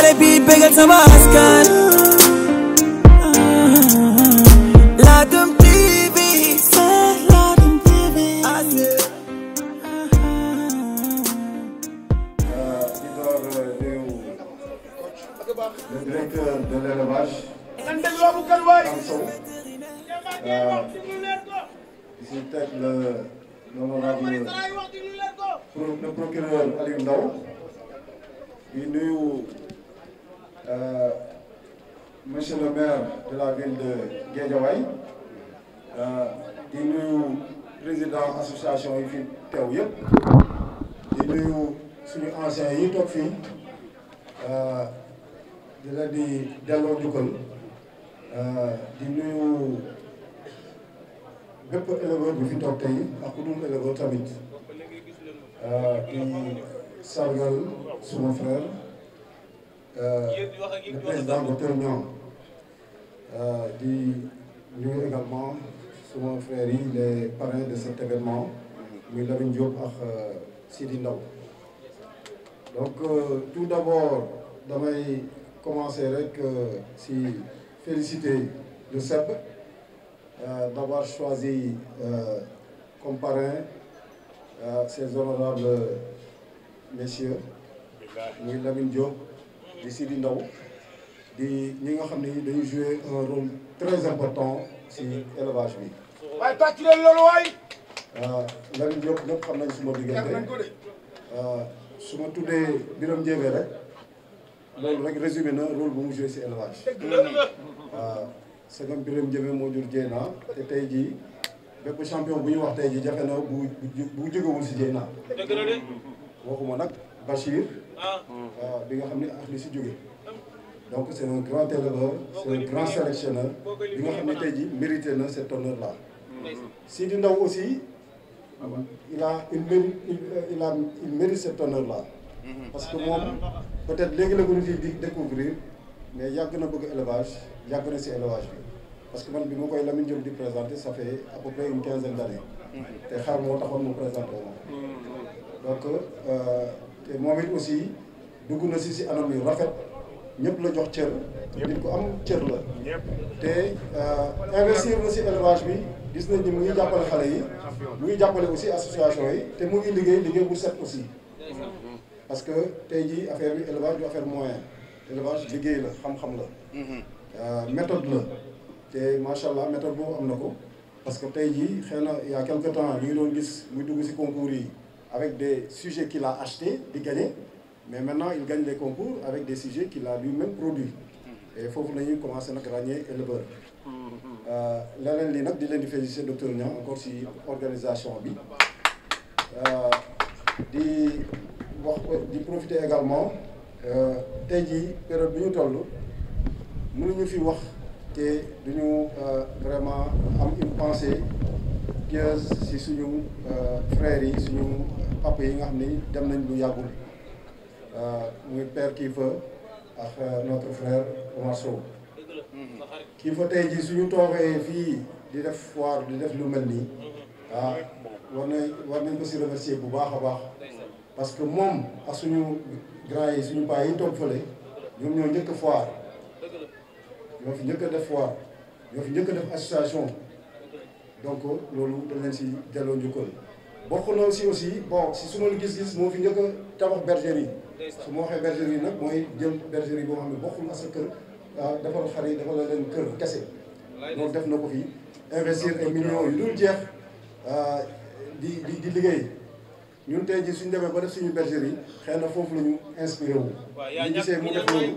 télé bi bégal sama askan Ladoum TV Ladoum TV di door nuyu le directeur de l'élevage Dame Sow di si teg le l'honorable le procureur Aliou Ndao di nuyu Euh, monsieur le maire de la ville de Guédiawaye euh, di nuyu président association yi fi teew yëpp di nuyu suñu anciens yi toog fii euh, di la di delloo jukkal euh, di nuyu bépp éleveur bi fi toog tey ak ku dul éleveur di sargal suma frère Euh, le président docteur Niang di nuyu également suma frères les parrains de cet événement muy Lamine Diop ak euh, Sidi Ndaw donc euh, tout d'abord damay commencer rek si féliciter le CEB d'avoir choisi comme parrain ces honorables messieurs muy Lamine Diop di Sidi Ndaw di ñi nga xam ne dañu jouer un rôle très important si élevage bi. waaye tàcc leen loolu waay. Euh, Lamine Diop ñëpp xam nañ suma diggante euh, su ma tuddee Birame Ndiémé rek loolu rek résumé na rôle bu mu joué si élevage. waaw euh, c'est comme Birame moo jur Dieyna te tey jii bépp champion bu ñu wax tey jii jafe na bu bu bu jógewul si Dieyna waxuma nag. Bachir waaw ah. ah, bi nga xam ne ak li si jóge donc c' est un grand éleveur c' bi nga xam ne tey jii mérité na cet honneur là Sidi Ndaw aussi il a il mérite il euh, a il parce que moom peut-être léegi la ko nit yi di découvrir mais yàgg na bëgg élevage yàgg na si élevage bi parce que man bi ma koy Lamine Diop di présenté ça fait à une quinzaine d' années te xar moo taxoon mu présenté moom donc euh, te moom it aussi dugg na si si anam yu rafet ñëpp la jox cër. nit ko am cër la. te euh, investir na si élevage bi gis nañ ni mu ngi jàppale xale yi mu ngi jàppale aussi association yi te mu ngi liggéey liggéey bu set aussi. parce que tey jii affaire bi élevage du affaire moyen élevage liggéey la xam-xam la. Mhm. Euh, méthode la te macha allah méthode boobu am na ko parce que tey jii xëy na a quelque temps ñu ngi doon gis muy dugg si concours yi. avec des sujets qu'il a achetés, des gagnés, mais maintenant il gagne des concours avec des sujets qu'il a lui-même produits. Mm-hmm. foofu la ñuy commencé nag ràññee éleveur. Mm-hmm. Euh, leneen lii nag di leen di féliciter docteur Niang encore si organisation bi euh, di wax di profiter également euh, tey jii période bi ñu toll mënuñu fi wax te du ñu vraiment am une pensée. jeunes si suñu euh, frères yi suñu papa yi nga xam ni dem nañ lu yàggul euh, muy père Kiifa ak euh, notre frère Omar Sow Kiifa tey jii suñu toogee fii di def foire di def lu mel nii ah war nañ war ko si remercier bu baax a baax parce que moom ak suñu grand yi suñu paa yi toog fële ñoom ñoo njëkk foire ñoo fi njëkk def foire ñoo fi njëkk def association donc loolu dañ leen si delloo njukkal bokk na si aussi bon si su ma gis-gis moo fi njëkk a tabax bergerie su ma waxee bergerie nag mooy jëm bergerie boo xam ne bokkul ak sa kër ah, dafa la xar yi dafa la leen kër kese loolu def na ko fi investir ay millions yu dul jeex ah, di di di liggéey ñun tey ji suñu demee ba def suñu bergerie xëy na foofu lañu ñu inspiré wu ñu gisee mu def loolu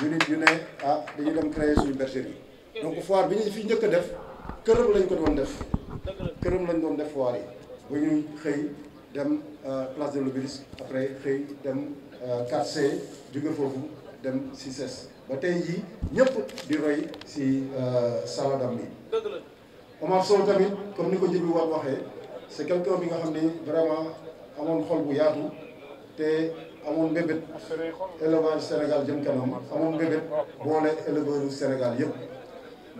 ñu nit ñu ah, dem créer suñu bergerie donc foire bi ñu fi njëkk a def këram lañ ko doon def këram lañ doon def foire yi ba ñuy xëy dem euh, place de l'Obélisque après xëy dem 4C euh, jóge foofu dem si ses ba tey jii ñëpp di roy si euh, saladam bi Omar Sow tamit comme ni ko jël war waxee c'est quelqu'un bi nga xam ni vraiment amoon xol bu yaatu te amoon mbébét élevage Sénégal jëm kanam amoon mbébét boole éleveur Sénégal yëpp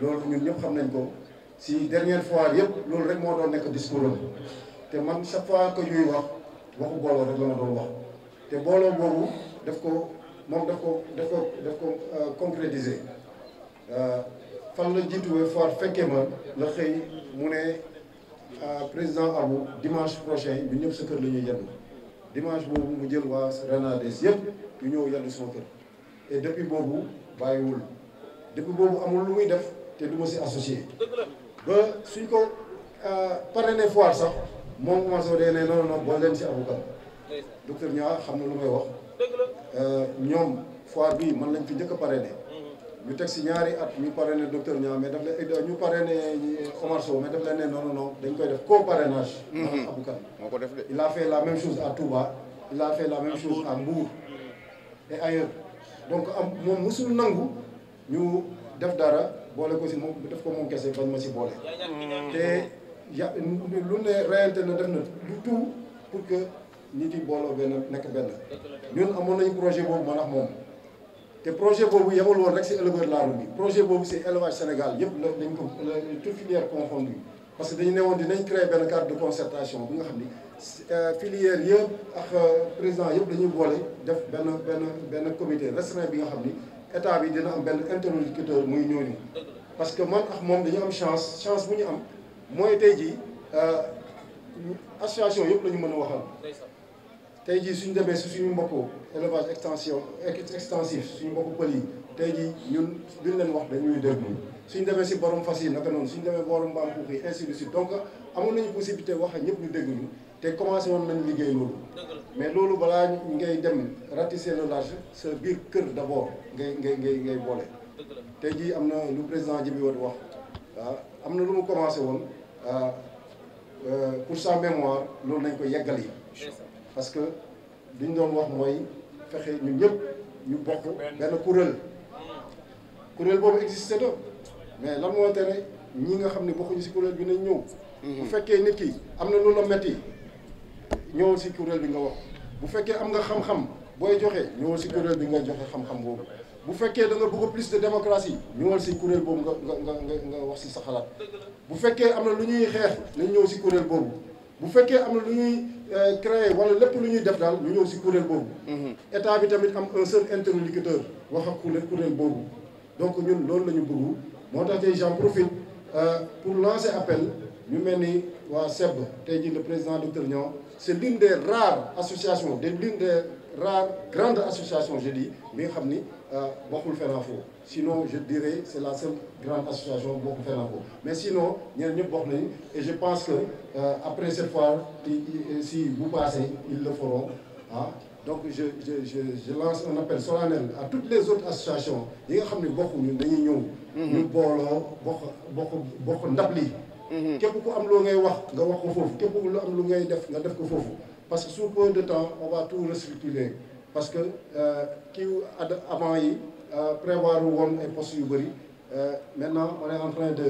loolu ñun ñëpp xam nañ ko si dernière fois yëpp loolu rek moo doon nekk discours am te man chaque fois que ñuy wax waxu booloo rek la ma doon wax te booloo boobu daf ko moom daf ko daf ko daf ko euh, concrétiser euh, fan la jiituwee foire fekkee ma la xëy mu ne euh, président Abou dimanche prochain ñu ñëpp sa kër la ñuy yendu dimanche boobu mu jël waa Renades yëpp ñu ñëw yendu sama kër et depuis boobu bàyyiwul depuis boobu amul lu muy def te du ma si associé ba suñ ko euh, parrainé foire sax moom commencé dee ne non non boo leen si avocat docteur Niang xam na lu may wax euh, ñoom foire bi man lañ fi njëkk pare parrainé mm-hmm. ñu teg si ñaari at ñu parrainé docteur Niang mais daf la ñu parrainé euh, Omar Sow mais daf la ne non non dañ koy def co-parrainage. Mm-hmm. maanaam avocat moo ko def de. il a fait la même chose à Touba il a fait la même chose à Mbour mm-hmm. et ailleurs donc am moom mosul nangu ñu def dara. boole ko si moom def ko moom kese bañ ma si boole. te ya lu ne reyante na def na du tout pour que nit yi booloo benn nekk benn. ñun amoon nañu projet boobu man ak moom te projet boobu yemul woon rek si éleveur laalu bi projet boobu si élevage Sénégal yëpp na dañ ko toute filière confondue parce que dañu ne woon dinañ créer benn cadre de concertation bu nga xam ni euh, filière yëpp ak euh, président yëpp dañuy boole def benn benn benn comité restreint bi nga xam ni. état bi dina am benn interlocuteur muy ñooñu parce que man ak moom dañu am chance chance bu ñu am mooy tey jii euh, association yëpp la ñu mën a waxal tey jii suñu demee si suñu mbokku élevage extension extensif suñu mbokku pël yi tey jii ñun duñ leen wax dañuy déglu suñ demee si borom fas yi naka noonu suñ demee borom mbaam xuux yi ainsi donc amoon nañu possibilité wax ak ñëpp ñu dégg ñu te commencé woon nañ liggéey loolu mais loolu balaa ngay dem ratisser le large sa biir kër d'abord ngay ngay ngay ngay boole te jii am na lu président Djibi Wade wax waaw ah, am na lu mu commencé woon ah, euh, pour sa mémoire loolu nañ ko yeggal yi parce que li ñu doon wax mooy fexe ñun ñëpp ñu bokk benn kuréel kuréel boobu existé na mais lan moo tere ñi nga xam ne bokkuñu si kuréel bi nañ ñëw. Mhm. bu fekkee nit ki am na lu la metti ñëwal si kuréel bi nga wax bu fekkee am nga xam-xam booy joxee ñëwal si kuréel bi nga joxee xam-xam boobu bu fekkee danga nga bëgg plus de démocratie ñëwal si kuréel boobu nga nga nga nga wax si sa bu fekkee am na lu ñuy xeex nañ ñëw si kuréel boobu bu fekkee am na lu ñuy euh, créer wala lépp lu ñuy def daal ñu ñëw si kuréel boobu. Mhm. état bi tamit am un seul interlocuteur wax ak kuréel kuréel boobu donc ñun loolu la ñu bëgg. moo tax tey j'en profite euh, pour lancer appel ñu mel ni waa SEB tey jii le président docteur Niang c'est l'une des rares de l'une des rares grandes associations je dis bi nga xam ni euh, bokkul FENAFO sinon je dirais c'est la seule grande association bokk FENAFO mais sinon ñeneen ñëpp bokk nañu et je pense que euh, après cette fois si bu passez ils le feront ah donc je je je je lance un appel solennel à toutes les autres associations yi nga xam ne bokkuñu dañuy ñëw. ñu booloo bokk bokk bokk ndab lii mhm. képp ku am loo ngay wax nga wax ko foofu képp ku am lu ngay def nga def ko foofu parce que sous peu de temps on va tout restructurer parce que euh, kii ad avant yi euh, prévoir woon ay postes yu bëri euh, maintenant on est en train de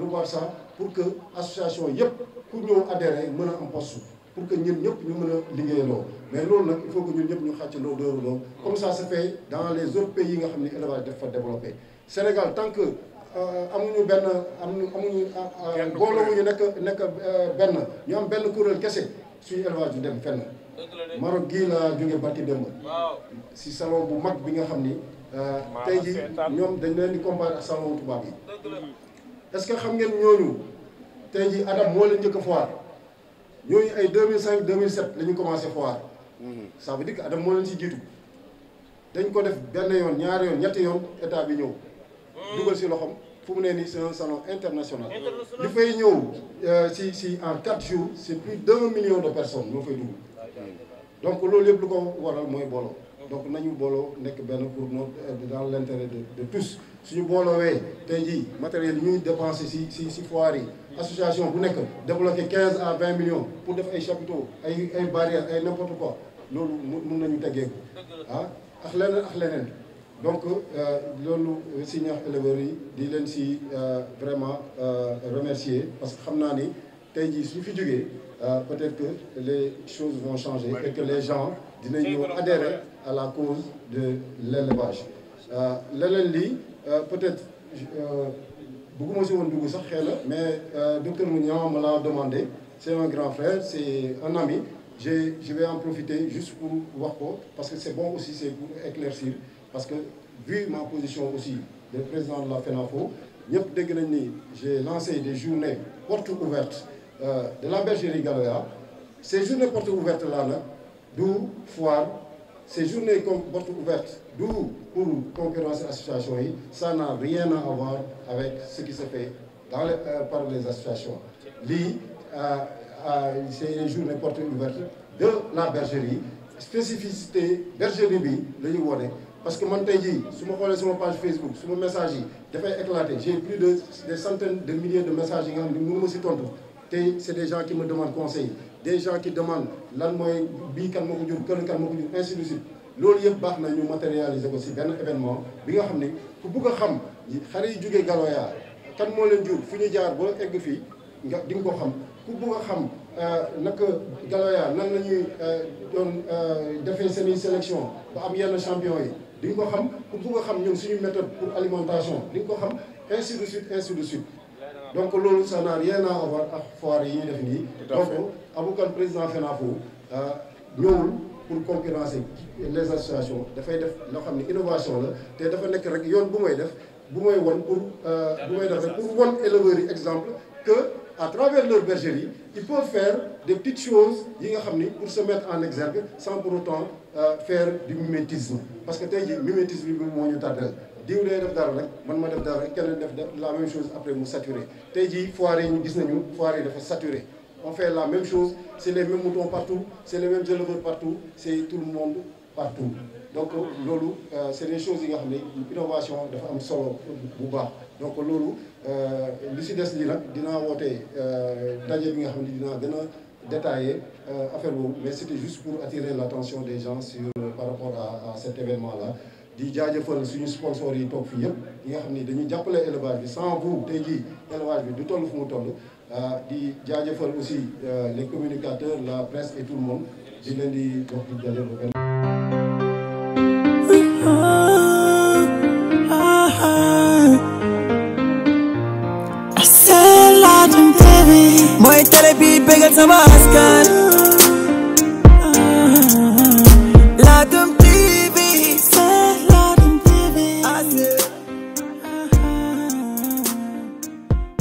revoir sax pour que association yëpp ku ñëw adhéré mën a am poste pour que ñun ñëpp ñu mën a liggéeyandoo mais loolu nag il faut que ñun ñëpp ñu xàccandoo dóorandoo comme ça se fait dans les autres yi nga xam ne élevage dafa développé Sénégal tant que euh, amuñu benn amuñu amuñu. Euh, euh, benn boolewuñu nekk nekk benn ñu am benn kuréel kese suñu élevage du dem fenn. Maroc gii laa jóge bàtti démb si salon bu mag bi nga xam ni. tey ji ñoom dañ leen di comparé ak salon tubaab yi. est-ce que xam ngeen ñooñu tey ji Adam moo leen njëkk a foire ñooñu ay 2005 2007 la ñu commencé foire. Mhm. ça veut dire que moo leen si jiitu dañ ko def benn yoon ñaari yoon ñetti yoon état bi ñëw. dugal si loxoom fu mu ne nii c'est un salon international. ñu fay ñëw euh, si si en quatre jours c'est plus d'un million de personnes ñoo fay dugg donc loolu yëpp lu ko waral mooy booloo. donc nañu booloo nekk benn pour notre euh, dans l'intérêt de de tous suñu booloowee tey jii matériel yi ñuy dépensé si si si foire yi. association bu nekk débloqué quinze à vingt millions pour def ay chapiteaux ay ay barrières ay n'importe quoi loolu mun nañu teggeeku ah ak leneen ak leneen. donc euh, loolu senior éleveurs yi di leen si euh, vraiment euh, remercier parce que xam naa ni tey jii su fi jógee peut-être que les choses vont changer et que les gens dinañu adhérer à la cause de l'élevage leneen lii peut-être bëgguma si woon dugg sax xëy na mais docteur Mounian me l'a demandé c'est un grand frère c'est un ami je vais en profiter juste pour wax ko parce que c'est bon aussi c'est pour éclaircir parce que vu ma position aussi de président de la FENAFO ñëpp dégg nañ ni j'ai lancé des journées portes ouvertes euh, de la bergerie Galoya ces journées portes ouvertes là nag du foire ces journées comme portes ouvertes du pour concurrence association yi ça n'a rien à voir avec ce qui se fait dans les, euh, par les associations lii euh, euh c'est les journées portes ouvertes de la bergerie spécificité bergerie bi la ñu wone parce que man tey jii su ma xoolee suma page Facebook suma message yi dafay éclater j'ai plus de des centaines de milliers de messages yi nga xam ne mënu ma si tontu tey c'est des gens qui me conseil des gens qui demandent lan mooy bii kan moo ko jur kële kan moo ko jur ainsi de loolu yëpp baax na ñu matérialiser ko si benn événement bi nga xam ne ku bugg a xam xale yi jógee Galoya kan moo leen jur fu ñu jaar ba egg fii nga di nga ko xam ku bugg xam euh, naka Galoya nan la ñuy euh, doon euh, defee seen i sélection ba am yenn champion yi. di nga ko xam ku bugg a xam ñun suñu méthode pour alimentation di nga ko xam ainsi de suite ainsi de suite donc loolu ça n'a rien à voir yi ñuy def nii. donc Aboukan président FENAFO euh, ñëwul pour concurrencer les associations dafay def loo xam ne innovation la te dafa nekk rek yoon bu may def bu may won pour euh, bu may def rek pour won éleveurs yi exemple que à travers leur bergerie il pour faire des petites choses yi nga xam ni pour se en exergue sans pour autant euh, faire du mimétisme parce que tey jii mimétisme bi moo ñu tardel diw day def dara rek man ma def dara rek keneen def la même chose après mu saturé tey jii foire yi ñu gis nañu foire yi dafa saturé on fait la même chose c'est les mêmes moutons partout c'est les mêmes éleveurs partout c'est tout le monde partout donc loolu euh, c'est des choses yi nga xam ne innovation dafa am solo bu baax donc loolu euh, li si des li nag dinaa wootee euh, daje bi nga xam ne dinaa gën a détaillé affaire boobu mais c'était juste pour attirer l'attention des gens sur par rapport à à cet événement là di jaajëfal suñu sponsors yi toog fii yëpp yi nga xam ni dañuy jàppale élevage bi sans vous tey jii élevage bi du toll fu mu toll di jaajëfal aussi les communicateurs la presse et tout le monde di leen di sama askan